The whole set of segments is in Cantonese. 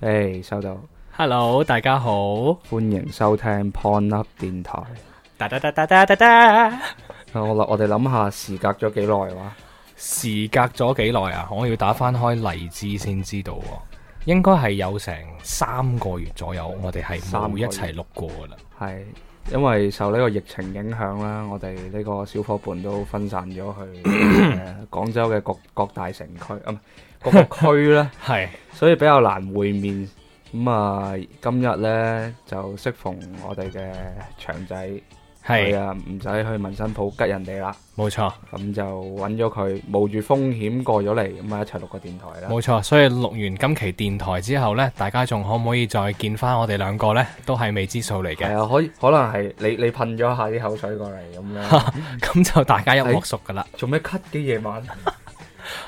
誒，hey, 收到。Hello，大家好，歡迎收聽 Pon Up 電台。噠噠噠噠噠噠噠。好啦，我哋諗下，時隔咗幾耐哇？時隔咗幾耐啊？我要打翻開荔枝先知道，應該係有成三個月左右，對三個月，我哋係冇一齊錄過噶啦。係，因為受呢個疫情影響啦，我哋呢個小伙伴都分散咗去廣、 呃、州嘅各各大城區啊。嗯個區咧係，所以比較難會面咁啊！今日咧就適逢我哋嘅祥仔係啊，唔使去紋身鋪吉人哋啦。冇錯，咁就揾咗佢，冒住風險過咗嚟，咁啊一齊錄個電台啦。冇錯，所以錄完今期電台之後咧，大家仲可唔可以再見翻我哋兩個咧？都係未知數嚟嘅。係啊，可以，可能係你你噴咗下啲口水過嚟咁樣，咁就大家一鑊熟噶啦。做咩 cut 機夜晚？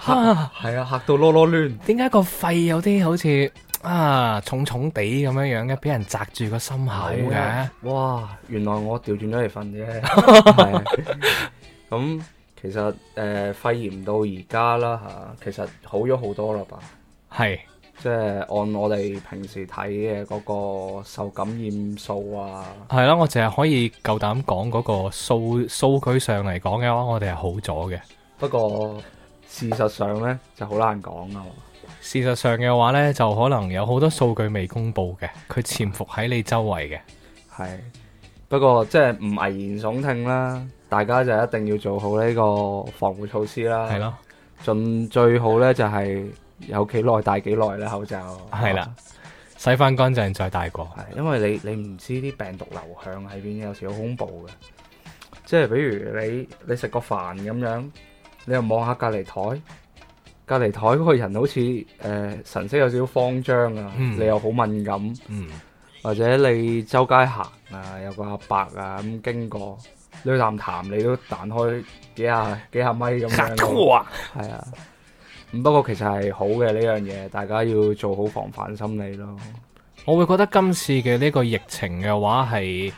吓，係啊嚇到囉囉亂，點解個肺有啲好似啊重重地咁樣樣嘅，俾人砸住個心口嘅？哇，原來我調轉咗嚟瞓啫。咁其實誒肺炎到而家啦吓，其實好咗好多啦吧？係即係按我哋平時睇嘅嗰個受感染數啊，係啦，我淨係可以夠膽講嗰個數數據上嚟講嘅話，我哋係好咗嘅。不過。事實上呢，就好難講啊。事實上嘅話呢，就可能有好多數據未公布嘅，佢潛伏喺你周圍嘅。係，不過即係唔危言聳聽啦，大家就一定要做好呢個防護措施啦。係咯，盡最好呢，就係有幾耐戴幾耐咧口罩。係啦，洗翻乾淨再戴過。係，因為你你唔知啲病毒流向喺邊，有時好恐怖嘅。即係比如你你食個飯咁樣。你又望下隔籬台，隔籬台嗰個人好似誒、呃、神色有少少慌張啊！嗯、你又好敏感，嗯、或者你周街行啊，有個阿伯啊咁經過，唦啖痰你都彈開幾下幾下米咁樣，係啊。的 不過其實係好嘅呢樣嘢，大家要做好防範心理咯。我會覺得今次嘅呢個疫情嘅話係。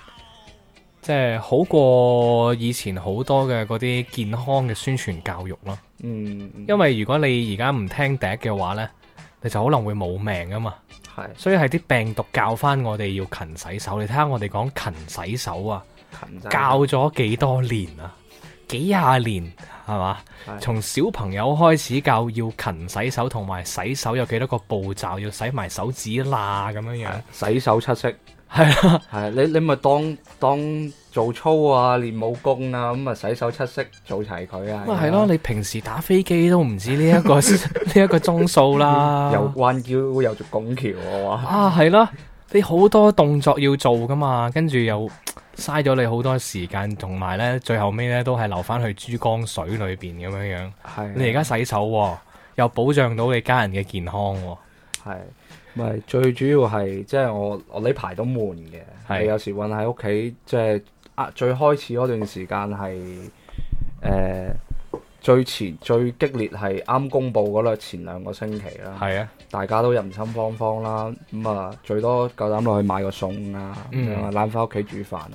即係好過以前好多嘅嗰啲健康嘅宣傳教育咯。嗯，因為如果你而家唔聽笛嘅話呢，你就可能會冇命啊嘛。係是，所以係啲病毒教翻我哋要勤洗手。你睇下我哋講勤洗手啊，勤洗手啊教咗幾多年啊？幾廿年係嘛？從是小朋友開始教要勤洗手，同埋洗手有幾多個步驟，要洗埋手指罅咁樣樣，洗手七式。係啦，係啊，啊，你你咪當當做操啊，練武功啊，咁啊洗手七式做齊佢啊。咪係咯，你平時打飛機都唔止呢、這、一個呢一 個鐘數啦。 又彎腰又做拱橋啊啊，係咯、啊啊，你好多動作要做噶嘛，跟住又嘥咗你好多時間，同埋咧最後尾咧都係留翻去珠江水裏邊咁樣樣。係、啊。你而家洗手、啊，又保障到你家人嘅健康、啊。係、啊。唔係最主要係即係我我呢排都悶嘅，係是有時搵喺屋企。即係啊，最開始嗰段時間係誒、呃、最前最激烈係啱公佈嗰兩前兩個星期啦。係啊，大家都人心慌慌啦。咁、嗯、啊，最多夠膽落去買個餸啊，咁啊攬翻屋企煮飯啊。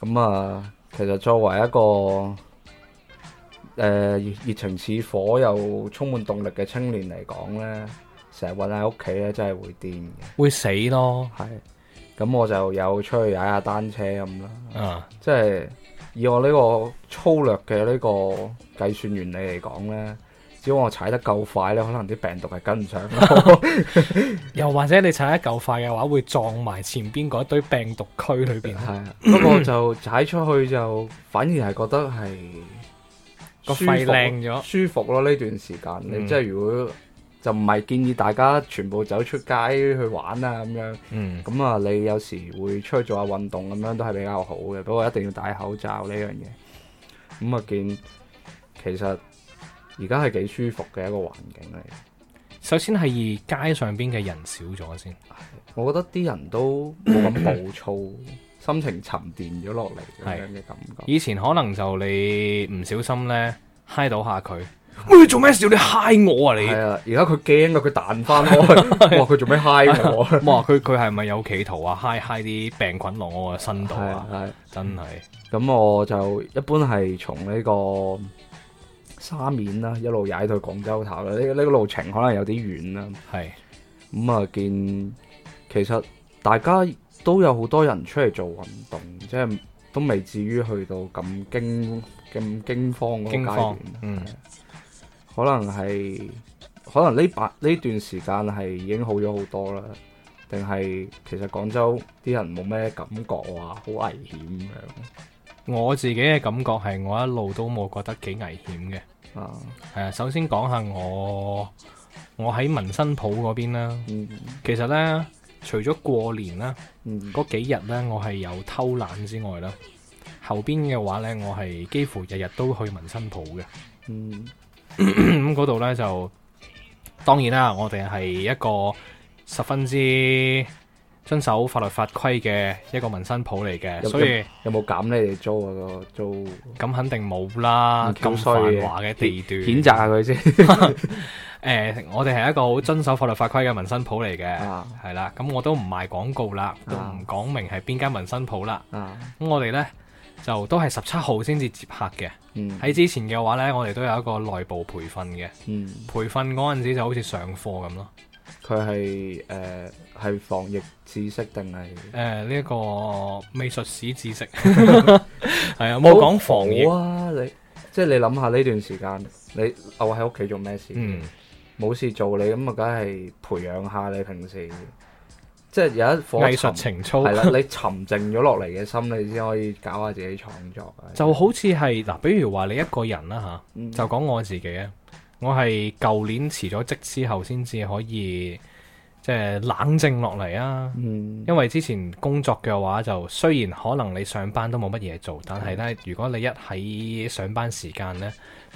咁、嗯、啊、嗯，其實作為一個誒、呃、熱情似火又充滿動力嘅青年嚟講咧。成日困喺屋企咧，真係會癲嘅，會死咯。係咁，我就有出去踩下單車咁啦。啊，即係以我呢個粗略嘅呢個計算原理嚟講咧，只要我踩得夠快咧，可能啲病毒係跟唔上。 又或者你踩得夠快嘅話，會撞埋前邊嗰堆病毒區裏邊。係 啊，不過就踩出去就反而係覺得係個肺靚咗，舒服咯。呢段時間，嗯、你即係如果。就唔係建議大家全部走出街去玩啊咁樣，咁啊、嗯、你有時會出去做下運動咁樣都係比較好嘅，不過一定要戴口罩呢樣嘢。咁啊見其實而家係幾舒服嘅一個環境嚟。首先係街上邊嘅人少咗先，我覺得啲人都冇咁暴躁， 心情沉澱咗落嚟咁樣嘅感覺。以前可能就你唔小心呢，嗨到下佢。你做咩事？要你嗨我啊你！你啊，而家佢驚啊，佢彈翻我。佢做咩嗨我？ 哇！佢佢係咪有企圖啊？嗨嗨啲病菌落我嘅身度啊！啊啊真係的。咁、嗯、我就一般係從呢個沙面啦，一路踩到廣州塔啦。呢、呢、呢個路程可能有啲遠啦。係咁啊！見其實大家都有好多人出嚟做運動，即、就、係、是、都未至於去到咁驚咁驚慌嗰個階段。嗯。可能係，可能呢八呢段時間係已經好咗好多啦，定係其實廣州啲人冇咩感覺話，好危險咁樣。我自己嘅感覺係，我一路都冇覺得幾危險嘅。啊，係啊，首先講下我我喺紋身鋪嗰邊啦。嗯，其實呢，除咗過年啦，嗰幾日呢，我係有偷懶之外啦，後邊嘅話呢，我係幾乎日日都去紋身鋪嘅。嗯。咁嗰度咧就當然啦，我哋係一個十分之遵守法律法規嘅一個紋身鋪嚟嘅，所以有冇減咧？你哋租個租咁肯定冇啦，咁繁華嘅地段，譴責下佢先。誒，我哋係一個好遵守法律法規嘅紋身鋪嚟嘅，係啦，咁我都唔賣廣告啦，都唔講明係邊間紋身鋪啦，咁我哋咧。就都係十七號先至接客嘅，喺、嗯、之前嘅話呢，我哋都有一個內部培訓嘅，嗯、培訓嗰陣時就好似上課咁咯。佢係誒係防疫知識定係誒呢一個、呃、美術史知識，係啊冇講防疫啊你，即係你諗下呢段時間你漚喺屋企做咩事，冇、嗯、事做你咁啊，梗係培養下你平時。即係有一個藝術情操的，係啦，你沉靜咗落嚟嘅心，你先可以搞下自己創作。就好似係嗱，比如話你一個人啦，吓，啊嗯、就講我自己啊，我係舊年辭咗職之後，先至可以。即係冷靜落嚟啊！嗯、因為之前工作嘅話，就雖然可能你上班都冇乜嘢做，但係咧，嗯、如果你一喺上班時間咧，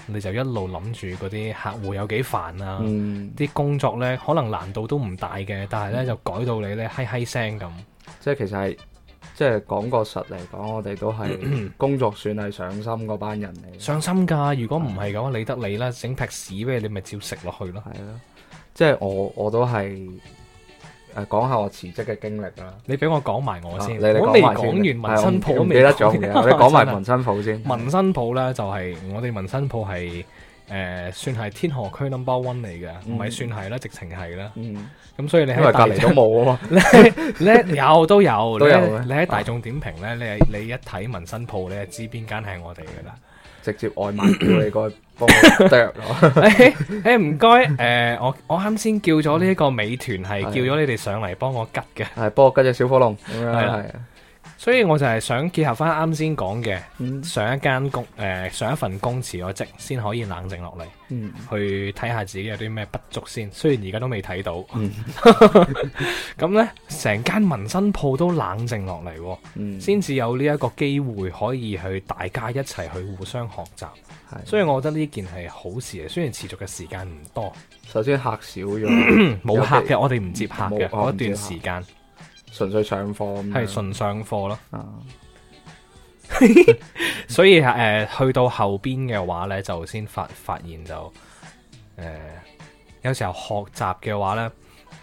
你就一路諗住嗰啲客戶有幾煩啊！啲、嗯、工作咧，可能難度都唔大嘅，但係咧、嗯、就改到你咧，嗨嗨聲咁。即係其實係，即係講個實嚟講，我哋都係工作算係上心嗰班人嚟。上心㗎，如果唔係咁，嗯、理得你啦！整劈屎畀你咪照食落去咯。係咯，即係我我都係。講下我辭職嘅經歷啦，你俾我講埋我先，我未講完紋身鋪，我未講完，你講埋紋身鋪先。紋身鋪咧就係我哋紋身鋪係誒，算係天河區 number one 嚟嘅，唔係算係啦，直情係啦。咁所以你喺隔籬都冇啊嘛？你你有都有，都有咧。你喺大眾點評咧，你你一睇紋身鋪，你就知邊間係我哋噶啦。直接外賣叫你過去幫我剁、 哎，誒唔該，誒、呃、我我啱先叫咗呢一個美團，係叫咗你哋上嚟幫我吉嘅的，係幫我吉隻小火龍，係啊的。所以我就係想結合翻啱先講嘅，上一間公，誒上一份工辭咗職，先可以冷靜落嚟，去睇下自己有啲咩不足先。雖然而家都未睇到，咁呢成間紋身鋪都冷靜落嚟，先至有呢一個機會可以去大家一齊去互相學習。所以我覺得呢件係好事嚟，雖然持續嘅時間唔多，首先客少咗，冇客嘅，我哋唔接客嘅嗰段時間。純粹上課係純上課咯， 所以誒、呃，去到後邊嘅話呢，就先發發現就誒、呃，有時候學習嘅話呢，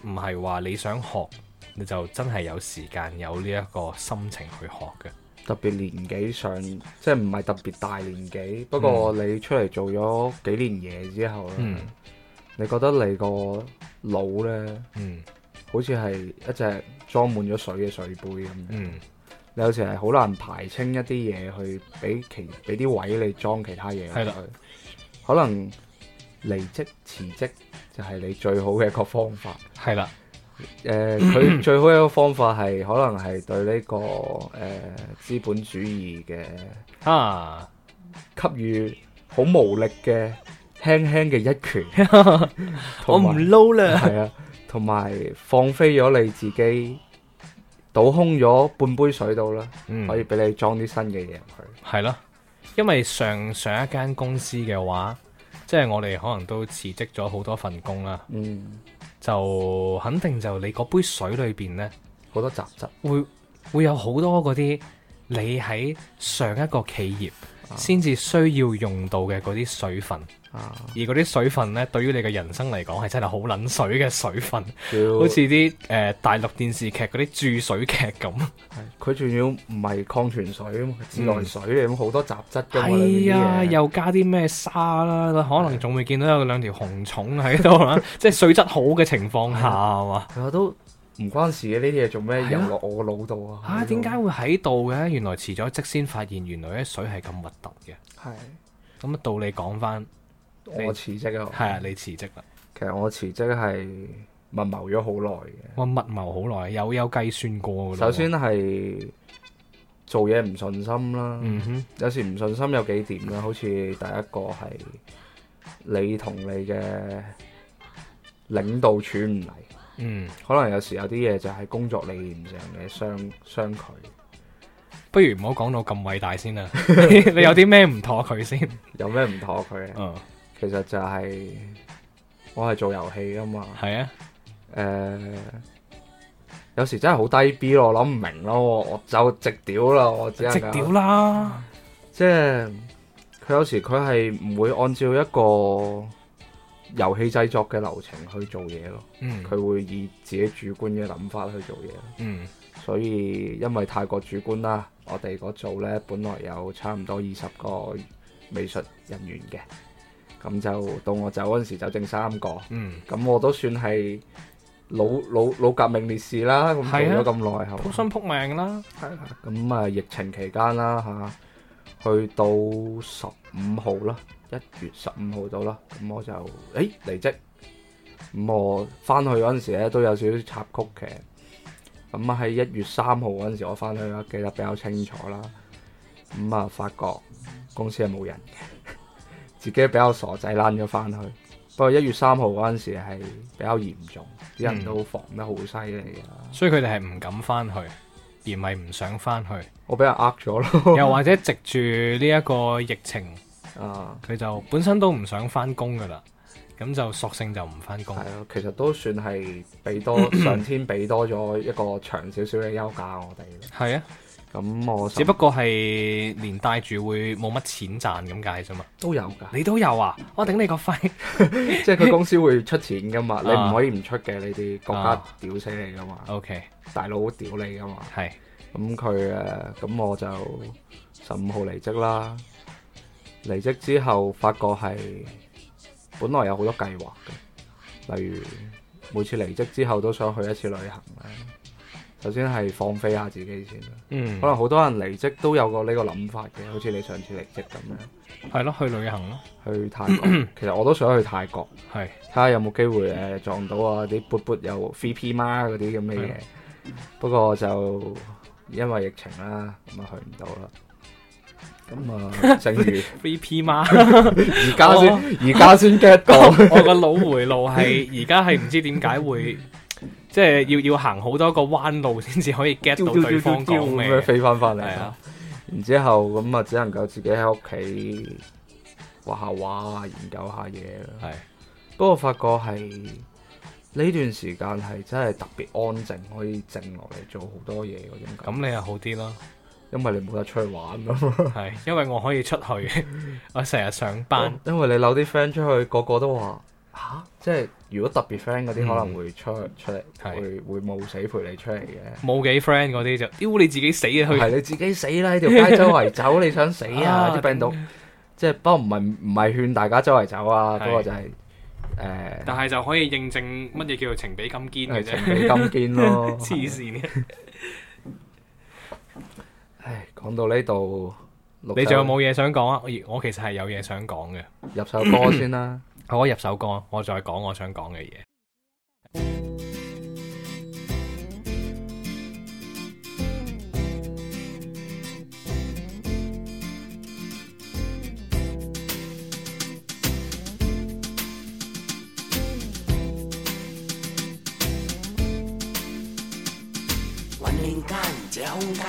唔係話你想學你就真係有時間有呢一個心情去學嘅。特別年紀上，即係唔係特別大年紀，不過你出嚟做咗幾年嘢之後、嗯、你覺得你個腦呢，嗯，好似係一隻。裝滿咗水嘅水杯咁，嗯、你有時係好難排清一啲嘢去俾其俾啲位你裝其他嘢入去，係啦，可能離職辭職就係你最好嘅一個方法。係啦，誒，佢最好嘅一個方法係可能係對呢個誒資本主義嘅啊給予好無力嘅輕輕嘅一拳， 有我唔撈啦。 同埋放飛咗你自己，倒空咗半杯水到啦，嗯、可以俾你裝啲新嘅嘢入去。係咯，因為上上一間公司嘅話，即係我哋可能都辭職咗好多份工啦，嗯、就肯定就你嗰杯水裏邊呢，好多雜質，會會有好多嗰啲你喺上一個企業。先至需要用到嘅嗰啲水分，啊、而嗰啲水分咧，對於你嘅人生嚟講，係真係好撚水嘅水分，好似啲誒大陸電視劇嗰啲注水劇咁。佢仲要唔係礦泉水啊，自來水咁好，嗯、多雜質嘅嘛，係啊，啊又加啲咩沙啦，可能仲會見到有兩條紅蟲喺度啦。 即係水質好嘅情況下啊，我、嗯、吧都。唔關事嘅呢啲嘢做咩？入落我個腦度啊！吓，點解會喺度嘅？原來辭咗職先發現，原來啲水係咁核突嘅。係咁道理講翻，我辭職啊！係啊，你辭職啦。其實我辭職係密謀咗好耐嘅。我密謀好耐，有有計算過。首先係做嘢唔順心啦。嗯哼，有時唔順心有幾點咧？好似第一個係你同你嘅領導處唔嚟。嗯，可能有時有啲嘢，就係工作理念上嘅相相距。不如唔好講到咁偉大先啦！ 你有啲咩唔妥佢先有妥？有咩唔妥佢？嗯，其實就係我係做遊戲噶嘛。係啊。誒、呃，有時真係好低 B 咯，我諗唔明咯，我就直屌啦，我直屌啦。即係佢有時佢係唔會按照一個。遊戲製作嘅流程去做嘢咯，佢、嗯、會以自己主觀嘅諗法去做嘢，嗯、所以因為太過主觀啦，我哋嗰組呢本來有差唔多二十個美術人員嘅，咁就到我走嗰時就剩三個，咁、嗯、我都算係老老老革命烈士啦，咁做咗咁耐，好想撲命啦，咁啊，啊疫情期間啦嚇、啊，去到十五號啦。一月十五號到啦，咁我就誒離職，咁、欸、我翻去嗰陣時咧都有少少插曲嘅，咁喺一月三號嗰陣時我翻去啦，記得比較清楚啦，咁啊發覺公司係冇人嘅，自己比較傻仔懶咗翻去，不過一月三號嗰陣時係比較嚴重，啲、嗯、人都防得好犀利啊，所以佢哋係唔敢翻去，而唔係唔想翻去，我俾人呃咗咯，又或者藉住呢一個疫情。啊！佢就本身都唔想翻工噶啦，咁就索性就唔翻工。係啊、嗯，其實都算係俾多、嗯、上天俾多咗一個長少少嘅休假我哋。係啊、嗯，咁我只不過係連帶住會冇乜錢賺咁解啫嘛。都有噶，你都有啊？我頂你個肺！ 即係佢公司會出錢噶嘛，啊、你唔可以唔出嘅呢啲國家屌死你噶嘛。啊、o、OK，大佬屌你噶嘛。係是，咁佢誒，咁我就十五號離職啦。離職之後，發覺係本來有好多計劃嘅，例如每次離職之後都想去一次旅行咧。首先係放飛下自己先，嗯。可能好多人離職都有個呢個諗法嘅，好似、嗯、你上次離職咁樣。係咯，去旅行咯，去泰國。 其實我都想去泰國，係睇下有冇機會誒撞到啊啲缽缽有飛 P 媽嗰啲咁嘅嘢。是不過就因為疫情啦，咁就去唔到啦。咁啊， 正如 V P 媽，而家先而家先 get 到我，我個腦回路係而家係唔知點解會， 即係要要行好多個彎路先至可以 get 到對方講咩，飛翻翻嚟啊！然之後咁啊，只能夠自己喺屋企畫下畫研究下嘢啦。係，不過發覺係呢段時間係真係特別安靜，可以靜落嚟做好多嘢，嗰種感覺。咁你又好啲啦。因為你冇得出去玩啊嘛，係因為我可以出去，我成日上班。因為你留啲 friend 出去，個個都話吓，即係如果特別 friend 嗰啲可能會出去出嚟，會會冒死陪你出嚟嘅、嗯。冇幾 friend 嗰啲就，丟你自己死啊去！係你自己死啦！條街周圍走， 你想死啊？啲病毒，即係不過唔係唔係勸大家周圍走啊，不過就係誒。但係就可以認證乜嘢叫做情比金堅嘅啫，情比金堅咯，黐線嘅。唉，講到呢度，你仲有冇嘢想講啊？我其實係有嘢想講嘅，入首歌先啦。 好，我入首歌，我再講我想講嘅嘢。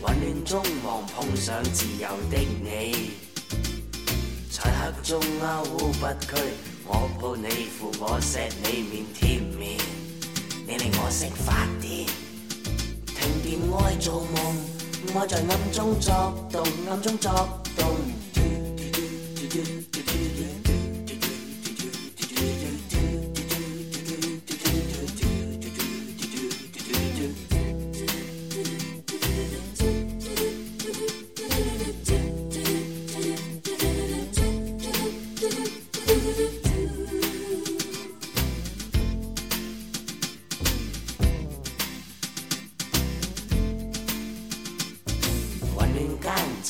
混亂中忙碰上自由的你，在黑中幽不屈，我抱你扶我錫，你面貼面，你令我識發電，停電愛做夢，愛在暗中作動，暗中作動。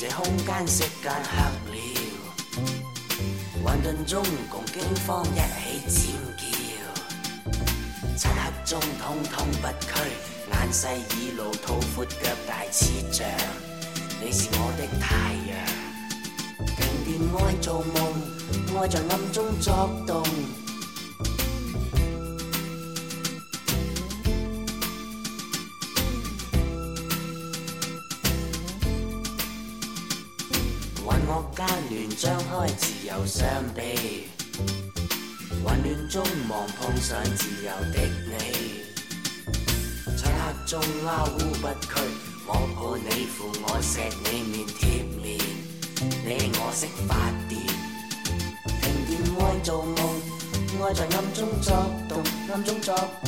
這空間色間黑了，混沌中共驚慌一起尖叫。漆黑中通通不屈，眼細耳露，肚闊腳大似象。你是我的太陽，停電愛做夢，愛在暗中作動。張開自由雙臂，混亂中望碰上自由的你，在黑暗中掹不屈，我抱你扶我錫你面貼面，你我識發電，停電愛做夢，愛在暗中作動，暗中作。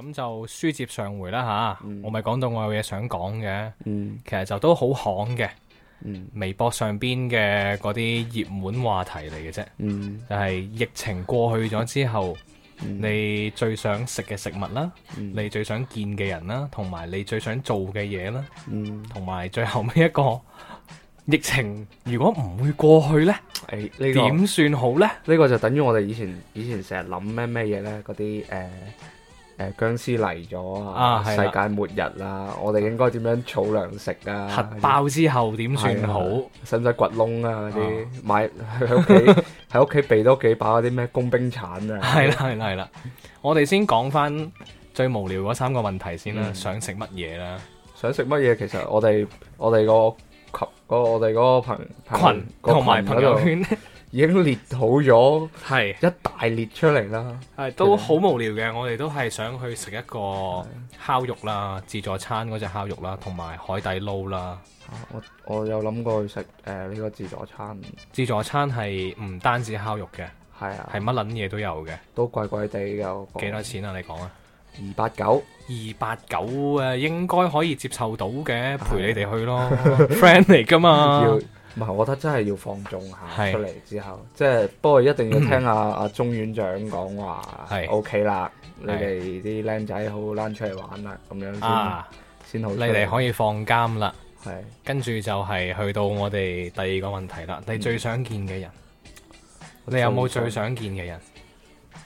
咁就書接上回啦吓，嗯、我咪講到我有嘢想講嘅，嗯、其實就都好巷嘅，嗯、微博上邊嘅嗰啲熱門話題嚟嘅啫，嗯、就係疫情過去咗之後，嗯、你最想食嘅食物啦，嗯、你最想見嘅人啦，同埋你最想做嘅嘢啦，同埋、嗯、最後尾一個，疫情如果唔會過去咧，誒呢、欸這個點算好呢？呢個就等於我哋以前以前成日諗咩咩嘢呢嗰啲誒。誒，僵屍嚟咗啊！世界末日啦，啊、我哋應該點樣儲糧食啊？核爆之後點算好？使唔使掘窿啊？嗰啲、啊啊、買喺屋企喺屋企備多幾把嗰啲咩工兵鏟啊？係啦，係啦，係啦，我哋先講翻最無聊嗰三個問題先啦。嗯、想食乜嘢啦？想食乜嘢？其實我哋我哋、嗰個群嗰，我哋嗰個群群同埋朋友圈。 已經列好咗是，係一大列出嚟啦。係都好其實 無聊嘅，我哋都係想去食一個烤肉啦，的自助餐嗰隻烤肉啦，同埋海底撈啦。我我有諗過去食誒呢個自助餐。自助餐係唔單止烤肉嘅，係啊的，係乜撚嘢都有嘅，都貴貴地有幾多錢啊？你講啊，二八九，二八九誒應該可以接受到嘅，陪你哋去咯，friend 嚟噶嘛。 唔係，我覺得真係要放縱下出嚟之後，即係不過一定要聽阿阿鍾院長講話，OK 啦，你哋啲靚仔好好攋出嚟玩啦，咁樣先先好，你哋可以放監啦。係，跟住就係去到我哋第二個問題啦。你最想見嘅人，你有冇最想見嘅人？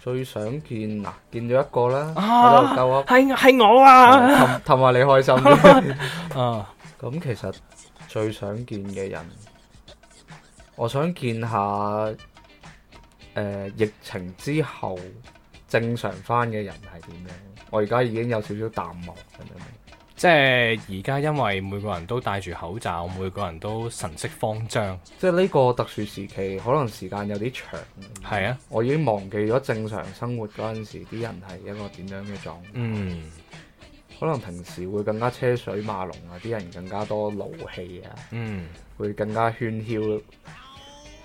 最想見嗱，見咗一個啦，夠啊，係係我啊，氹氹下你開心。嗯，咁其實最想見嘅人。我想見下誒、呃、疫情之後正常翻嘅人係點樣？我而家已經有少少淡忘，明唔明？即係而家，因為每個人都戴住口罩，每個人都神色慌張，即係呢個特殊時期，可能時間有啲長。係啊，我已經忘記咗正常生活嗰陣時，啲人係一個點樣嘅狀態？嗯，可能平時會更加車水馬龍啊，啲人更加多勞氣啊，嗯，會更加喧囂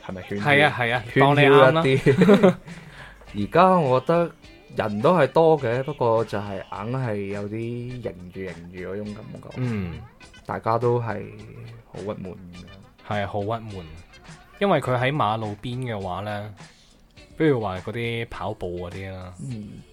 係咪圈少？係啊係啊，啊圈少子 一啲。而家 我覺得人都係多嘅，不過就係硬係有啲迎住迎住嗰種感覺。嗯，大家都係好鬱悶。係好鬱悶，因為佢喺馬路邊嘅話呢。比如話嗰啲跑步嗰啲啦，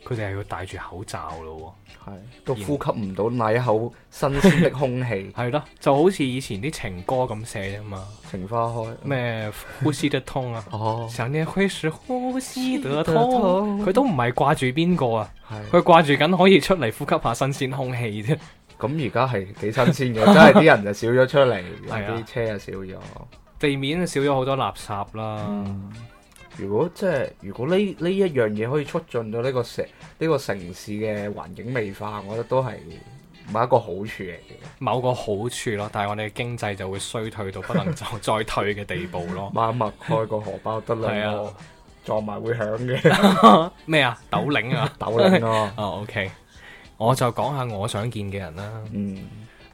佢哋係要戴住口罩咯，係都呼吸唔到那一口新鮮的空氣。係咯，就好似以前啲情歌咁寫啊嘛，情花開咩呼吸得通啊，想你呼吸呼吸得通，佢都唔係掛住邊個啊，佢掛住緊可以出嚟呼吸下新鮮空氣啫。咁而家係幾新鮮嘅，真係啲人就少咗出嚟，有啲車就少咗，地面少咗好多垃圾啦。嗯如果即係如果呢，呢一樣嘢可以促進到呢、呢個城呢、呢個城市嘅環境美化，我覺得都係某一個好處嚟嘅，某個好處咯。但係我哋嘅經濟就會衰退到不能再再退嘅地步咯。默默開個荷包得啦，撞埋會響嘅咩啊？鬥領 啊？鬥領咯。哦、 啊 oh,，OK，我就講下我想見嘅人啦。嗯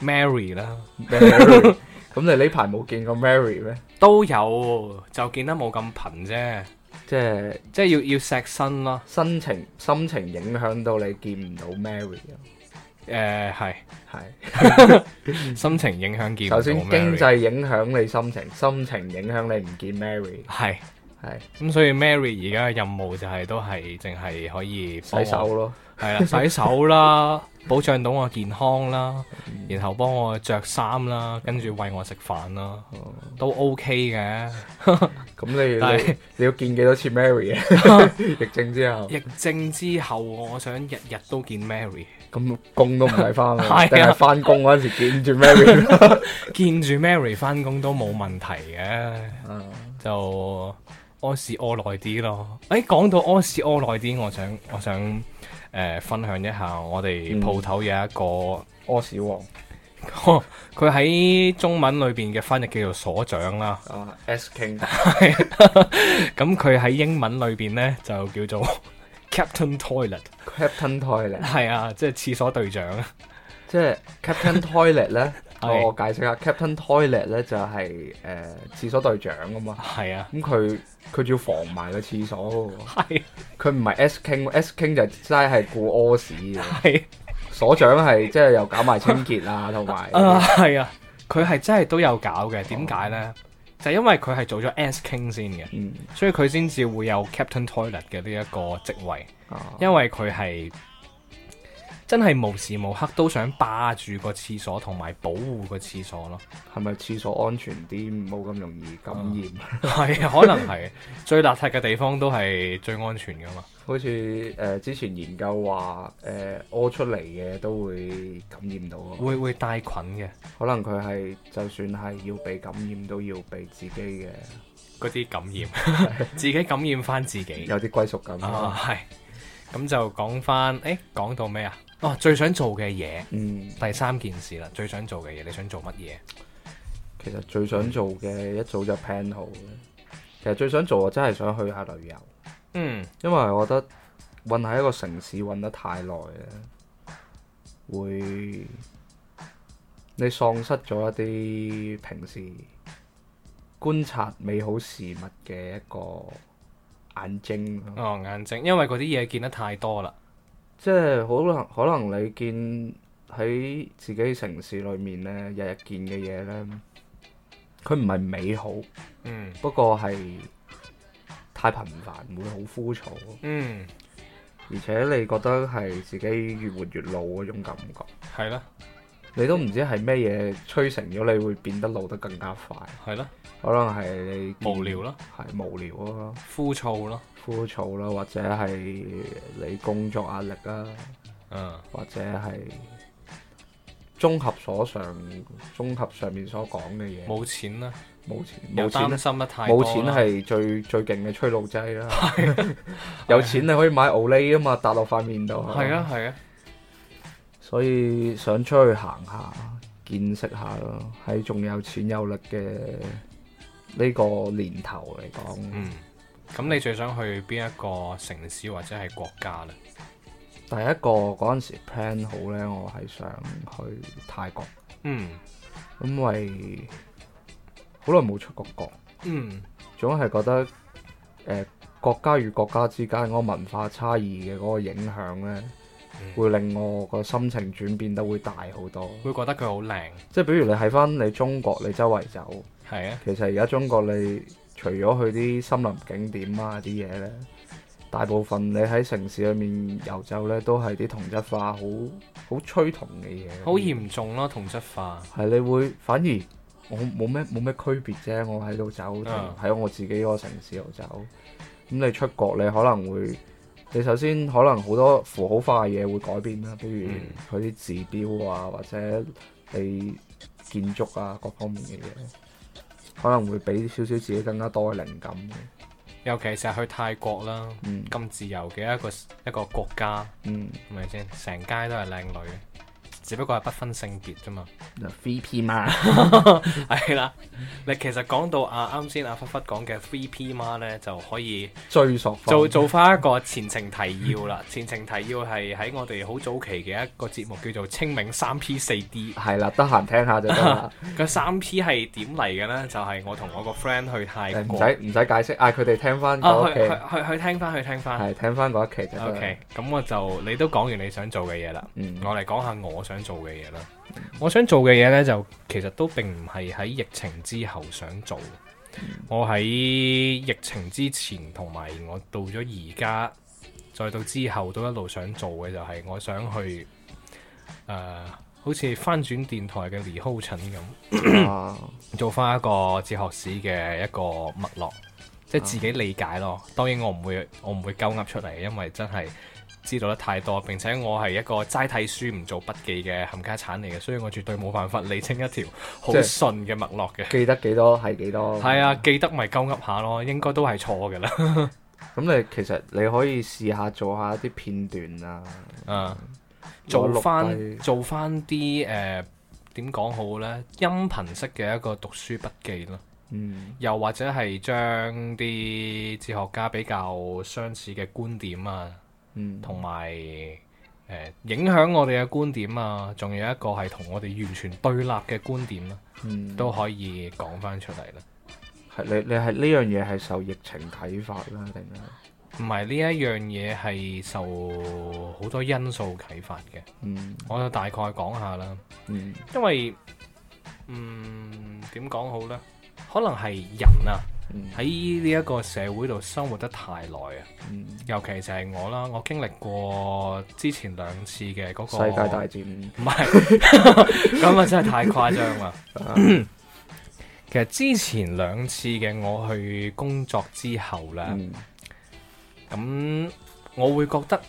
，Mary 啦了。 Mary. 咁你呢排冇見過 Mary 咩？都有，就見得冇咁頻啫。即係即係要要錫身咯，心情心情影響到你見唔到 Mary 咯。誒，係係，心情影響見。首先經濟影響你心情，心情影響你唔見 Mary。係。係咁，所以 Mary 而家嘅任務就係都係淨係可以、uh. 洗手咯，係啦洗手啦，保障到我健康啦，然後幫我着衫啦，跟住餵我食飯啦，都 OK 嘅。咁你你，你要見幾多次 Mary 啊？疫症之後，疫症之後，我想日日都見 Mary。咁工都唔使翻啦，定係翻工嗰陣時見住 Mary，見住 Mary 翻工都冇問題嘅。就屙屎屙耐啲咯！誒、哎，講到屙屎屙耐啲，我想我想誒、呃、分享一下，我哋鋪頭有一個屙、嗯、屎王，佢喺、哦、中文裏邊嘅翻譯叫做所長啦。S,、哦、S King。咁佢喺英文裏邊咧就叫做 Captain Toilet，Captain Toilet 係啊，即係廁所隊長啊，即係 Captain Toilet 咧。 哦、我解釋下 ，Captain Toilet 咧就係、是、誒、呃、廁所隊長啊嘛。係啊，咁佢佢仲要防埋個廁所。係、啊，佢唔係 S, S King，S King 就齋係顧屙屎。係、啊，所長係即係又搞埋清潔 有、uh, 啊，同埋啊，係啊，佢係真係都有搞嘅。點解咧？哦、就因為佢係做咗 S King 先嘅，嗯、所以佢先至會有 Captain Toilet 嘅呢一個職位，因為佢係。真係無時無刻都想霸住個廁所同埋保護個廁所咯。係咪廁所安全啲，冇咁容易感染？係， 可能係最邋遢嘅地方都係最安全㗎嘛。好似誒、呃、之前研究話，誒、呃、屙出嚟嘅都會感染到啊。會會帶菌嘅，可能佢係就算係要被感染，都要被自己嘅嗰啲感染， 自己感染返自己。 有啲歸屬感啊，係。咁就講返，誒講到咩啊？哦，最想做嘅嘢，嗯、第三件事啦，最想做嘅嘢，你想做乜嘢？其實最想做嘅一早就 plan 好。其實最想做我真係想去下旅遊。嗯，因為我覺得混喺一個城市混得太耐咧，會你喪失咗一啲平時觀察美好事物嘅一個眼睛。哦，眼睛，因為嗰啲嘢見得太多啦。即係可能可能你見喺自己城市裏面咧，日日見嘅嘢咧，佢唔係美好，嗯，不過係太頻繁，會好枯燥，嗯，而且你覺得係自己越活越老嗰種感覺，係啦。你都唔知係咩嘢吹成咗，你會變得老得更加快。係咯，可能係無聊咯，係無聊咯，枯燥咯，枯燥啦，或者係你工作壓力啦，oh. 或者係綜合所上，綜合上面所講嘅嘢。冇錢啦，冇錢，冇錢，擔心得太，冇錢係最最勁嘅吹路劑啦。 有錢你可以買 Olay 啊嘛，搭落塊面度。係 啊，係的啊。所以想出去行下，見識下咯。喺仲有錢有力嘅呢個年頭嚟講，嗯，咁你最想去邊一個城市或者係國家呢？第一個嗰陣時 plan 好呢，我係想去泰國，嗯，因為好耐冇出過國國，嗯，總係覺得誒、呃、國家與國家之間嗰個文化差異嘅嗰個影響呢。會令我個心情轉變得會大好多，會覺得佢好靚。即係比如你喺翻你、啊、中國你周圍走，係啊。其實而家中國你除咗去啲森林景點啊啲嘢咧，大部分你喺城市裏面遊走咧，都係啲同質化好好趨同嘅嘢。好嚴重咯、啊，同質化。係你會反而我冇咩冇咩區別啫，我喺度走，喺我自己個城市度走。咁、嗯、你出國你可能會。你首先可能好多符號化嘅嘢會改變啦，比如佢啲字標啊，或者你建築啊各方面嘅嘢，可能會俾少少自己更加多嘅靈感嘅。尤其是係去泰國啦，咁、嗯、自由嘅一個一個，一個國家，係咪先？成街都係靚女。只不過係不分性別啫嘛，three P 媽係啦。你其實講到啊，啱先阿忽忽講嘅 three P 媽咧，就可以追溯就做翻一個前情提要啦。嗯、前情提要係喺我哋好早期嘅一個節目，叫做清明三 P 四 D。係啦，得閒聽下就得啦。個三 P 係點嚟嘅呢？就係、是、我同我個 friend 去泰國，唔使解釋，嗌佢哋聽翻嗰、啊、去去聽翻，去聽翻，係聽翻嗰一期 OK。咁我就你都講完你想做嘅嘢啦，嗯、我嚟講下我想做嘅嘢啦，我想做嘅嘢呢，就其實都並唔係喺疫情之後想做。我喺疫情之前，同埋我到咗而家，再到之後都一路想做嘅，就係我想去誒、呃，好似翻轉電台嘅李浩陳咁，啊、 做翻一個哲學史嘅一個脈絡，即係自己理解咯。啊、當然我唔會，我唔會鳩噏出嚟，因為真係。知道得太多，並且我係一個齋睇書唔做筆記嘅冚家鏟嚟嘅，所以我絕對冇辦法理清一條好順嘅脈絡嘅。記得幾多係幾多？係 啊，記得咪鳩噏下咯，應該都係錯嘅啦。咁 你其實你可以試做一下做下啲片段啊，啊、嗯，做翻做翻啲誒，點講好呢？音頻式嘅一個讀書筆記咯，嗯，又或者係將啲哲學家比較相似嘅觀點啊。嗯，同埋誒，影響我哋嘅觀點啊，仲有一個係同我哋完全對立嘅觀點啦，啊，嗯，都可以講翻出嚟啦。係你你係呢樣嘢係受疫情啟發啦定咧？唔係呢一樣嘢係受好多因素啟發嘅。嗯，我就大概講下啦。嗯，因為嗯點講好呢？可能係人啊。喺呢一個社會度生活得太耐啊，嗯、尤其就係我啦，我經歷過之前兩次嘅嗰個世界大戰，唔係是，咁啊 真係太誇張啦。其實之前兩次嘅我去工作之後呢，咁、嗯、我會覺得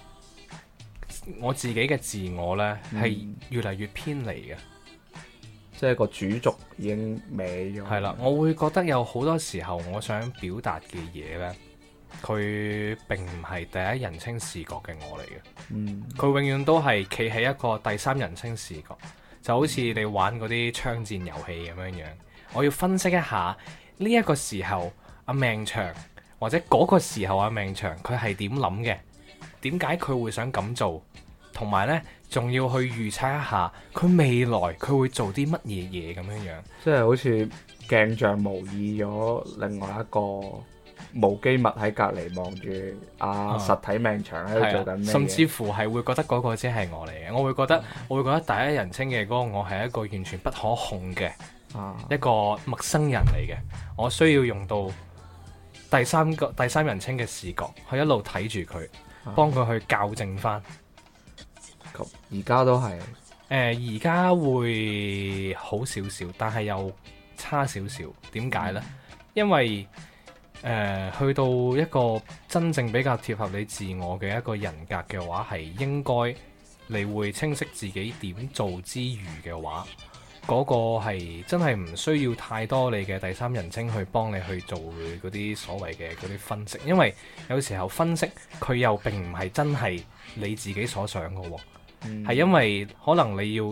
我自己嘅自我呢，係、嗯、越嚟越偏離嘅。即係個主軸已經歪咗。係啦，我會覺得有好多時候，我想表達嘅嘢呢，佢並唔係第一人稱視角嘅我嚟嘅。嗯，佢永遠都係企喺一個第三人稱視角，就好似你玩嗰啲槍戰遊戲咁樣樣。我要分析一下呢一個時候阿命長，或者嗰個時候阿命長，佢係點諗嘅？點解佢會想咁做？同埋呢。仲要去預測一下佢未來佢會做啲乜嘢嘢咁樣樣，即係好似鏡像模擬咗另外一個無機物喺隔離望住啊，啊實體命場喺度做緊咩、啊，甚至乎係會覺得嗰個即係我嚟嘅。我會覺得我會覺得第一人稱嘅嗰個我係一個完全不可控嘅一個陌生人嚟嘅。我需要用到第三個第三人稱嘅視角去一路睇住佢，幫佢去校正翻、啊。而家都係誒、呃，而家會好少少，但係又差少少。點解呢？因為誒、呃，去到一個真正比較貼合你自我嘅一個人格嘅話，係應該你會清晰自己點做之餘嘅話，嗰、那個係真係唔需要太多你嘅第三人稱去幫你去做嗰啲所謂嘅嗰啲分析，因為有時候分析佢又並唔係真係你自己所想嘅、哦。係因為可能你要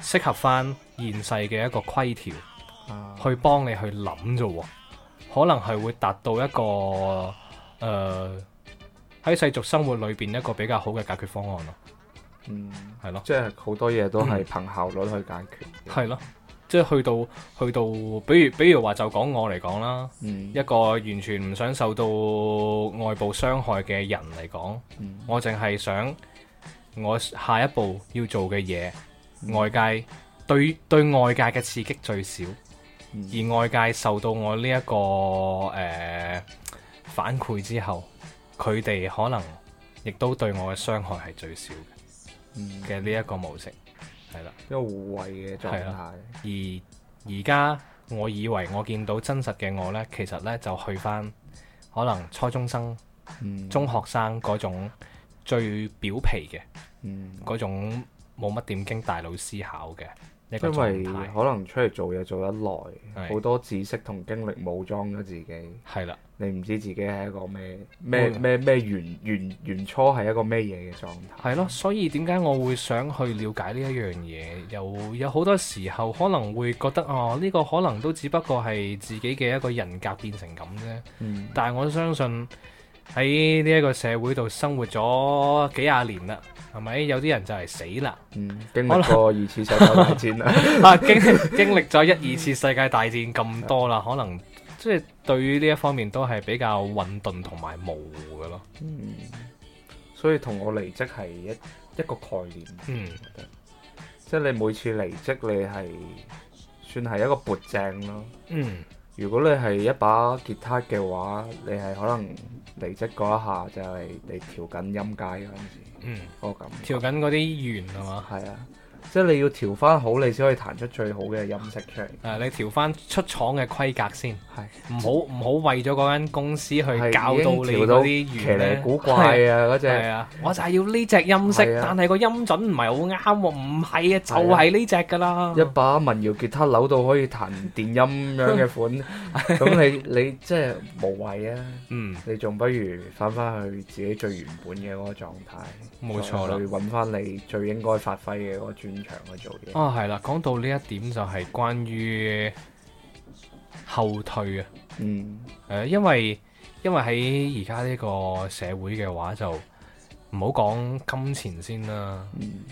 適合翻現世嘅一個規條，去幫你去諗啫，可能係會達到一個誒喺、呃、世俗生活裏邊一個比較好嘅解決方案咯。嗯，係咯啦，即係好多嘢都係憑效率去解決。係咯、嗯，即係去到去到，比如比如話就講我嚟講啦，嗯、一個完全唔想受到外部傷害嘅人嚟講，嗯、我淨係想。我下一步要做嘅嘢，外界對對外界嘅刺激最少，嗯、而外界受到我呢、這、一個誒、呃、反饋之後，佢哋可能亦都對我嘅傷害係最少嘅嘅呢一個模式，係啦，一個護衛嘅狀態。而而家我以為我見到真實嘅我呢，其實呢就去返可能初中生、嗯、中學生嗰種。最表皮嘅，嗰、嗯、種冇乜點經大腦思考嘅，因為可能出嚟做嘢做得耐，好的多知識同經歷武裝咗自己，係啦的，你唔知自己係一個咩咩咩咩原原原初係一個咩嘢嘅狀態，係咯，所以點解我會想去了解呢一樣嘢？又有好多時候可能會覺得哦，呢、啊呢個可能都只不過係自己嘅一個人格變成咁啫，嗯、但係我相信。喺呢一個社會度生活咗幾廿年啦，係咪？有啲人就係死啦，嗯，經過二次世界大戰啦可能笑，經經歷咗一二次世界大戰咁多啦，可能即係、就是、對於呢一方面都係比較混沌同埋模糊嘅咯，嗯，所以同我離職係一一個概念，嗯，即係你每次離職你係算係一個搏正咯，嗯。如果你係一把吉他嘅話，你係可能嚟即嗰一下就係、是、你調緊音階嗰陣時，嗯，哦咁，調緊嗰啲弦啊嘛，係、嗯、啊。即係你要調翻好，你先可以彈出最好嘅音色出嚟。誒，你調翻出廠嘅規格先，係唔好唔好為咗嗰間公司去搞到你到啲奇古怪啊，嗰隻，我就係要呢隻音色，但係個音準唔係好啱喎。唔係啊，就係呢隻噶啦。一把民謠吉他扭到可以彈電音咁樣嘅款，咁你你即係無謂啊。嗯，你仲不如翻翻去自己最原本嘅嗰個狀態，冇錯啦。去搵翻你最應該發揮嘅嗰個現場去做嘢啊，係啦，講到呢一點就係關於後退啊。嗯，誒、呃，因為因為喺而家呢個社會嘅話就唔好講金錢先啦，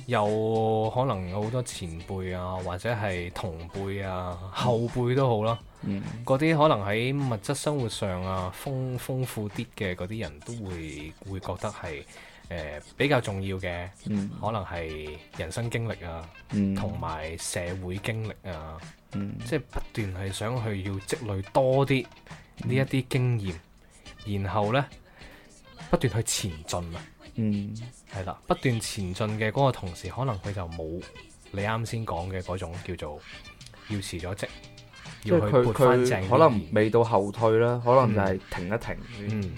又、嗯、可能有好多前輩啊，或者係同輩啊、後輩都好啦、啊，嗰啲、嗯、可能喺物質生活上啊豐豐富啲嘅嗰啲人都會會覺得係。誒、呃、比較重要嘅，嗯、可能係人生經歷啊，同埋、嗯、社會經歷啊，嗯、即係不斷係想去要積累多啲呢一啲、嗯、經驗，然後呢不斷去前進啊。嗯，係啦，不斷前進嘅嗰個同時，可能佢就冇你啱先講嘅嗰種叫做要辭咗職，要去撥返正嘅。可能未到後退啦，可能就係停一停，嗯嗯，嗯，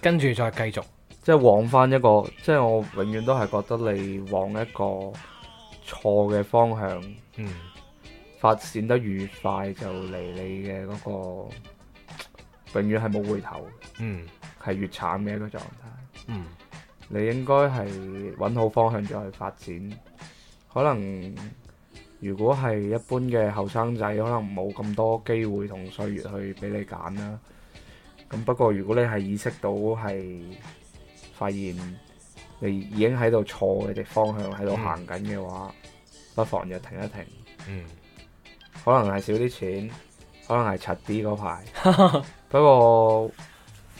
跟住再繼續。即係往翻，一個，即係我永遠都係覺得你往一個錯嘅方向、嗯、發展得越快就，那個，就嚟你嘅嗰個永遠係冇回頭，係越慘嘅一個狀態。嗯、你應該係揾好方向再去發展。可能如果係一般嘅後生仔，可能冇咁多機會同歲月去俾你揀啦。咁不過如果你係意識到係。發現你已經喺度錯嘅方向喺度行緊嘅話，嗯、不妨就停一停。嗯，可能係少啲錢，可能係賊啲嗰排。 不過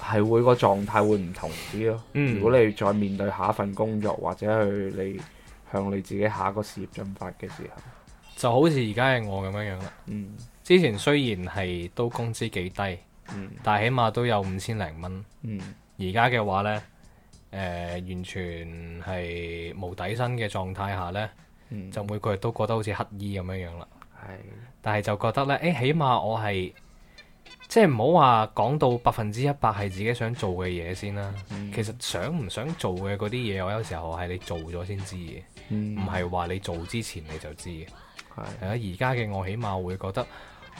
係會、個狀態會唔同啲咯。嗯、如果你再面對下一份工作或者去你向你自己下一個事業進發嘅時候，就好似而家係我咁樣樣啦。嗯，之前雖然係都工資幾低，嗯、但起碼都有五千零蚊。嗯，而家嘅話呢。誒、呃、完全係無底薪嘅狀態下呢，嗯、就每個月都覺得好似乞衣咁樣樣啦。係，是的 但係就覺得呢，誒、欸，起碼我係即係唔好話講到百分之一百係自己想做嘅嘢先啦。嗯、其實想唔想做嘅嗰啲嘢，我有時候係你做咗先知嘅，唔係話你做之前你就知嘅，係而家嘅我起碼會覺得。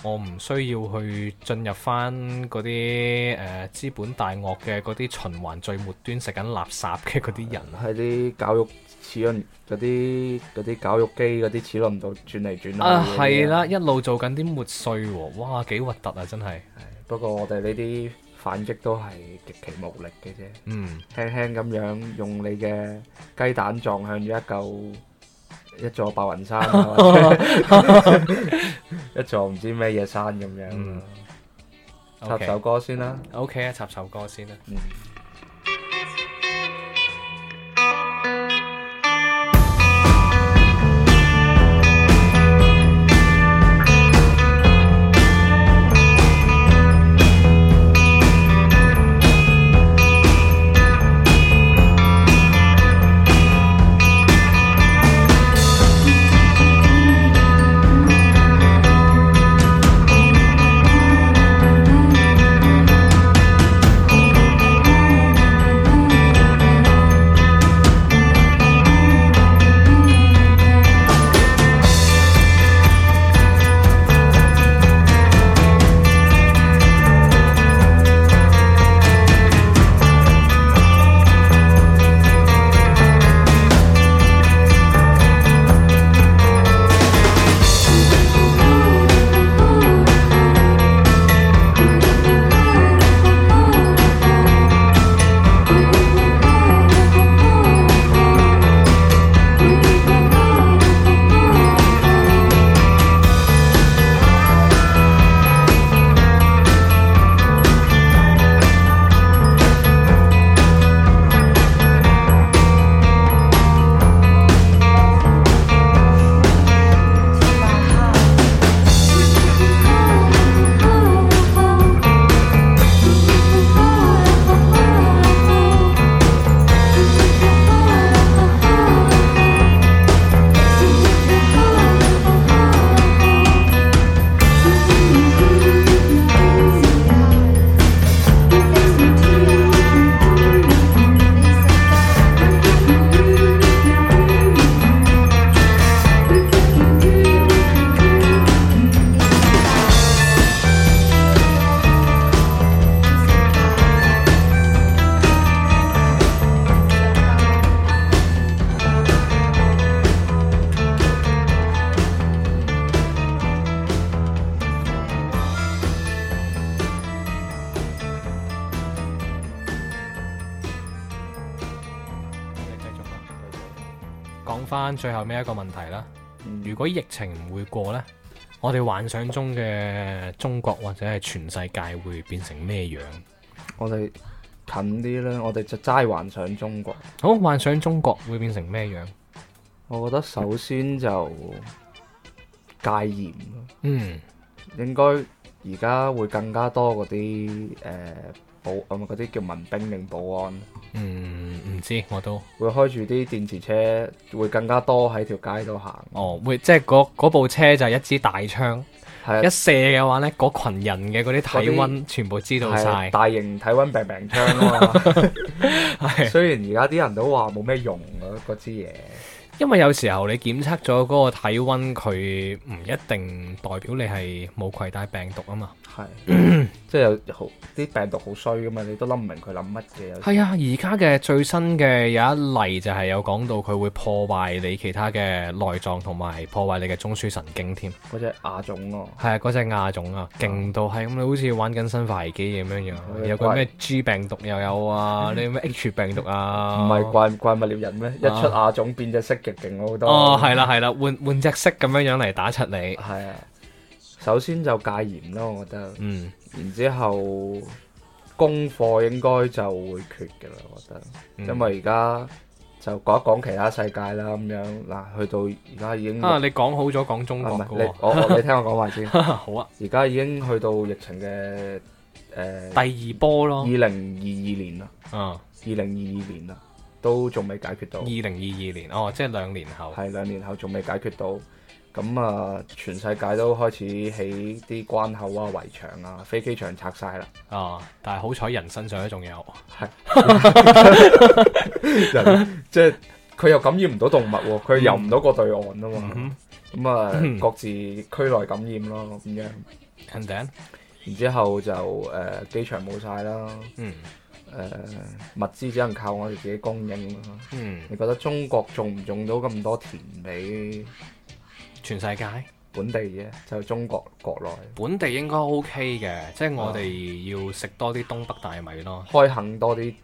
我唔需要去進入翻嗰啲誒資本大鱷嘅嗰啲循環最末端食緊垃圾嘅嗰啲人，係啲攪肉齒輪嗰啲、嗰啲攪肉機嗰啲齒輪度轉嚟轉去。啊，係啦，一路做緊啲末碎喎，哇，幾核突啊，真係。不過我哋呢啲反擊都係極其無力嘅啫。嗯，輕輕咁樣用你嘅雞蛋撞向住一嚿一座白雲山， 一座唔知咩嘢山咁樣。嗯 okay. 插首歌先啦。O K，啊，插首歌先啦。嗯如果疫情唔會過呢，我哋幻想中嘅中國或者係全世界會變成咩樣我？我哋近啲咧，我哋就齋幻想中國。好，幻想中國會變成咩樣？我覺得首先就戒嚴。嗯，應該而家會更加多嗰啲誒。呃保咁嗰啲叫民兵定保安？嗯，唔知我都會開住啲電池車，會更加多喺條街度行。哦，會即係嗰部車就一支大槍，啊、一射嘅話咧，嗰羣人嘅嗰啲體温全部知道晒，啊，大型體温病病槍啊！嘛、 啊。雖然而家啲人都話冇咩用啊，嗰支嘢。因為有時候你檢測咗嗰個體溫，佢唔一定代表你係冇攜帶病毒啊嘛。係，即係有好啲病毒好衰噶嘛，你都諗唔明佢諗乜嘢。係啊，而家嘅最新嘅有一例就係有講到佢會破壞你其他嘅內臟同埋破壞你嘅中樞神經添。嗰隻亞種咯。係啊，嗰隻亞種啊，勁到係咁，你好似玩緊生化危機咁樣樣。有個咩 G 病毒又有啊，啲咩 H 病毒啊。唔係怪怪物獵人咩？一出亞種變隻色。極勁好多。哦、oh, 樣，係啦，係啦，換換隻色咁樣樣嚟打出你。係啊，首先就戒嚴咯，我覺得。嗯。然之後，功課應該就會缺嘅啦，我覺得。嗯。因為而家就講一講其他世界啦，咁樣嗱，去到而家已經。啊，你講好咗講中文，嘅。唔係，我，我你聽我講埋先。 好啊。而家已經去到疫情嘅誒、呃、第二波咯。二零二二年啦。年嗯。二零二二年啦。都仲未解決到。二零二二年，哦，即係兩年後。係兩年後仲未解決到，咁啊，全世界都開始起啲關口啊、圍牆啊，飛機場拆晒啦。啊！但係好彩人身上都仲有，係，人，即係佢又感染唔到動物，佢遊唔到個對岸啊嘛。咁啊，各自區內感染咯咁樣。And then，然之後就誒機場冇晒啦。嗯。誒、呃、物資只能靠我哋自己供應咯、啊。嗯，你覺得中國種唔種到咁多田米？全世界本地嘅？就中國國內。本地應該 OK 嘅，即係我哋、啊、要食多啲東北大米咯，開墾多啲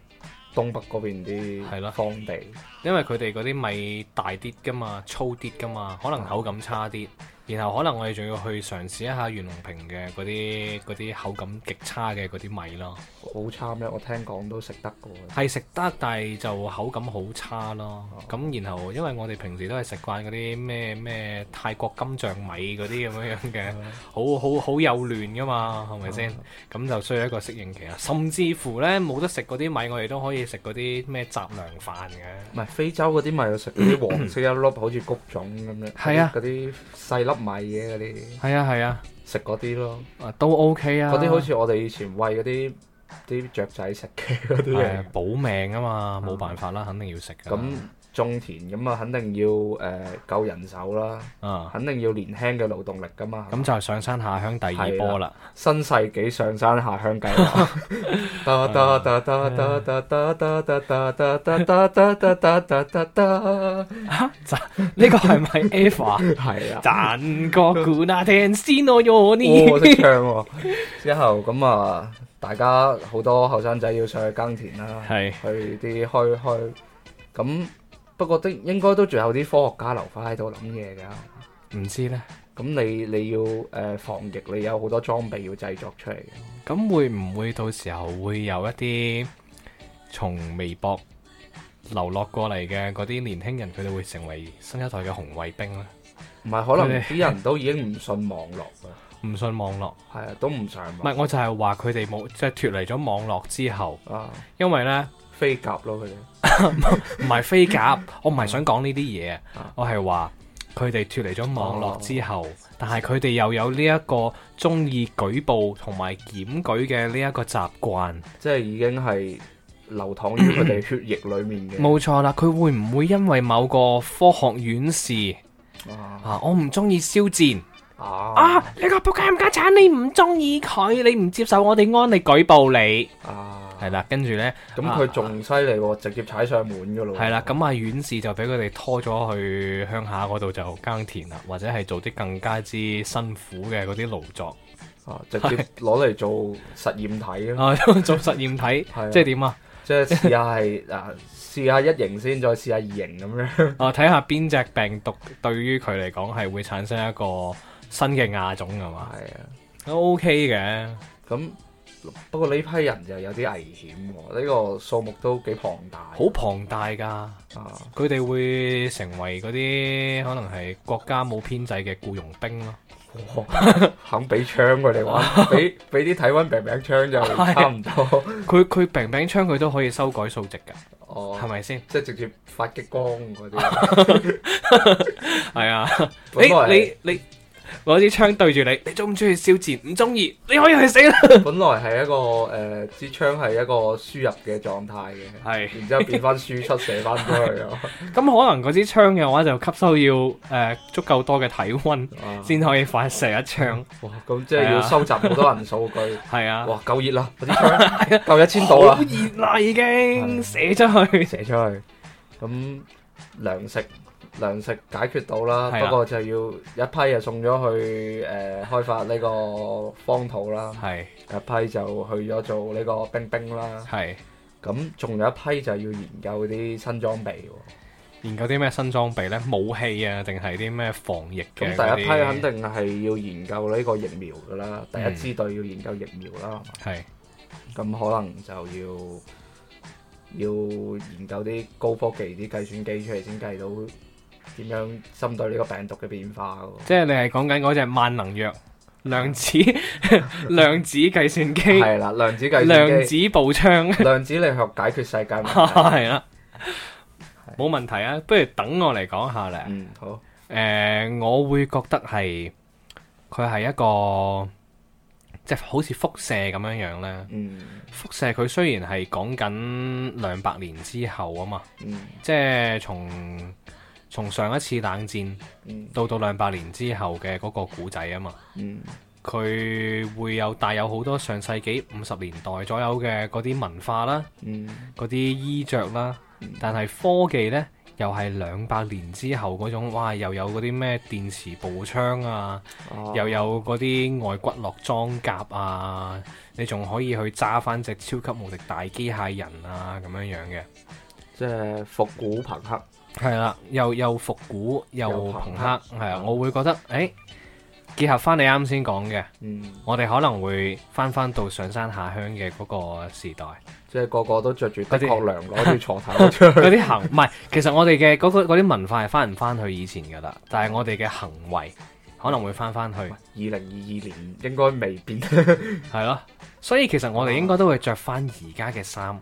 東北嗰邊啲荒地，因為佢哋嗰啲米大啲噶嘛，粗啲噶嘛，可能口感差啲。啊然後可能我哋仲要去嘗試一下袁隆平嘅嗰啲嗰啲口感極差嘅嗰啲米咯，好差咩？我聽講都食得㗎喎，係食得，但係就口感好差咯。咁然後因為我哋平時都係食慣嗰啲咩咩泰國金象米嗰啲咁樣樣嘅，好好好幼嫩㗎嘛，係咪先？咁就需要一個適應期啊。甚至乎呢，冇得食嗰啲米，我哋都可以食嗰啲咩雜糧飯嘅。唔係非洲嗰啲米，食啲黃色一粒好似谷種咁樣，係啊，嗰啲細粒。買嘢嗰啲，係啊係啊，食嗰啲咯，啊都 OK 啊，嗰啲好似我哋以前餵嗰啲啲雀仔食嘅啲嘢，保、啊、命啊嘛，冇辦法啦，嗯、肯定要食嘅。嗯種田咁啊，肯定要誒夠、呃、人手啦，嗯，肯定要年輕嘅勞動力噶嘛。咁就係上山下鄉第二波啦，新世紀上山下鄉計劃。呢個係咪 EVA 啊？係啊。讚歌古納聽先我呢。我識唱、啊、之後咁啊，大家好多後生仔要上去耕田啦，係的 去啲開開咁。不過都應該都仲有啲科學家留翻喺度諗嘢㗎，唔知呢。咁你你要誒、呃、防疫，你有好多裝備要製作出嚟。咁會唔會到時候會有一啲從微博流落過嚟嘅嗰啲年輕人，佢哋會成為新一代嘅紅衛兵呢？唔係，可能啲他們 人都已經唔信， 唔信網絡，唔、啊、信網絡係啊，都唔上網。唔係，我就係話佢哋冇即係脫離咗網絡之後，oh. 因為呢。飛鴿咯，佢哋唔係飛鴿，我唔係想講呢啲嘢， 我係話佢哋脱離咗網絡之後， 但係佢哋又有呢一個中意舉報同埋檢舉嘅呢一個習慣，即係已經係流淌於佢哋血液裏面嘅。冇錯啦，佢會唔會因為某個科學院士啊？ 我唔中意肖戰啊啊！你個仆街冚家鏟，你唔中意佢，你唔接受我哋安利，舉報你啊！ 係啦，跟住咧，咁佢仲犀利喎，啊、直接踩上門噶咯。係啦，咁啊，院士就俾佢哋拖咗去鄉下嗰度就耕田啦，或者係做啲更加之辛苦嘅嗰啲勞作，直接攞嚟做實驗體啊，做實驗體，即係點啊？即係試下係嗱、啊，試一下一型先，再試一下二型咁樣。啊、嗯，睇下邊隻病毒對於佢嚟講係會產生一個新嘅亞種嘅嘛。係對、嗯、 啊，都 OK 嘅。咁。不過呢批人就有啲危險、哦，呢、這個數目都幾龐大，好龐大噶，佢、嗯、哋會成為嗰啲可能係國家冇編制嘅雇傭兵咯、哦 哦，肯俾槍佢哋話，俾俾啲體温平平槍就差唔多，佢佢平平槍佢都可以修改數值噶，係咪先？是是即係直接發激光嗰啲，係啊，誒你本來、欸、你。你你你攞支槍對住你，你中唔中意燒錢？唔中意，你可以去死啦！本來係一個誒支槍係一個輸入嘅狀態嘅，係是，然之後變翻輸出，射翻出去。咁可能嗰支槍嘅話就吸收要誒、呃、足夠多嘅體温，先可以發射一槍。啊啊啊啊、 哇！咁即係要收集好多人數據。係 啊！哇，夠熱啦，支槍，夠一千度啦，好熱啦已經， 的射出去，射出去，咁糧食。糧食解決到啦，的不過就要一批就送咗去誒、呃、開發呢個荒土啦，的一批就去咗做呢個冰冰啦。係咁的，仲有一批就要研究啲新裝備、啊。研究啲咩新裝備呢？武器啊，定係啲咩防疫？咁第一批肯定係要研究呢個疫苗㗎啦，嗯、第一支隊要研究疫苗啦。係咁的，可能就要要研究啲高科技、啲計算機出嚟先計到。點樣針對呢個病毒嘅變化？即係你係講緊嗰隻萬能藥，量子量子計算機係啦， 量子計量子步槍，量子力學解決世界問題係啦，冇 了是問題啊！不如等我嚟講下咧、嗯。好。誒、呃，我會覺得係佢係一個即係、就是、好似輻射咁樣樣咧。嗯，輻射佢雖然係講緊兩百年之後啊嘛。嗯、即係從。從上一次冷戰、嗯、到到兩百年之後嘅嗰個古仔啊嘛，佢、嗯、會有帶有好多上世紀五十年代左右嘅嗰啲文化啦，嗰啲、嗯、衣着啦，嗯、但係科技呢，又係兩百年之後嗰種，哇！又有嗰啲咩電磁步槍啊，啊又有嗰啲外骨骼裝甲啊，你仲可以去揸翻隻超級無敵大機械人啊咁樣樣嘅，即係復古朋克。係啦，又又復古又朋克。係啊黑！我會覺得，誒、欸，結合翻你啱先講嘅，嗯、我哋可能會翻翻到上山下鄉嘅嗰個時代，即係個個都着住的確涼攞住坐頭，嗰啲 行唔係，其實我哋嘅嗰個啲文化係翻唔翻去以前噶啦，但係我哋嘅行為可能會翻翻去。二零二二年應該未變， 係咯。所以其實我哋應該都會、啊、着翻而家嘅衫，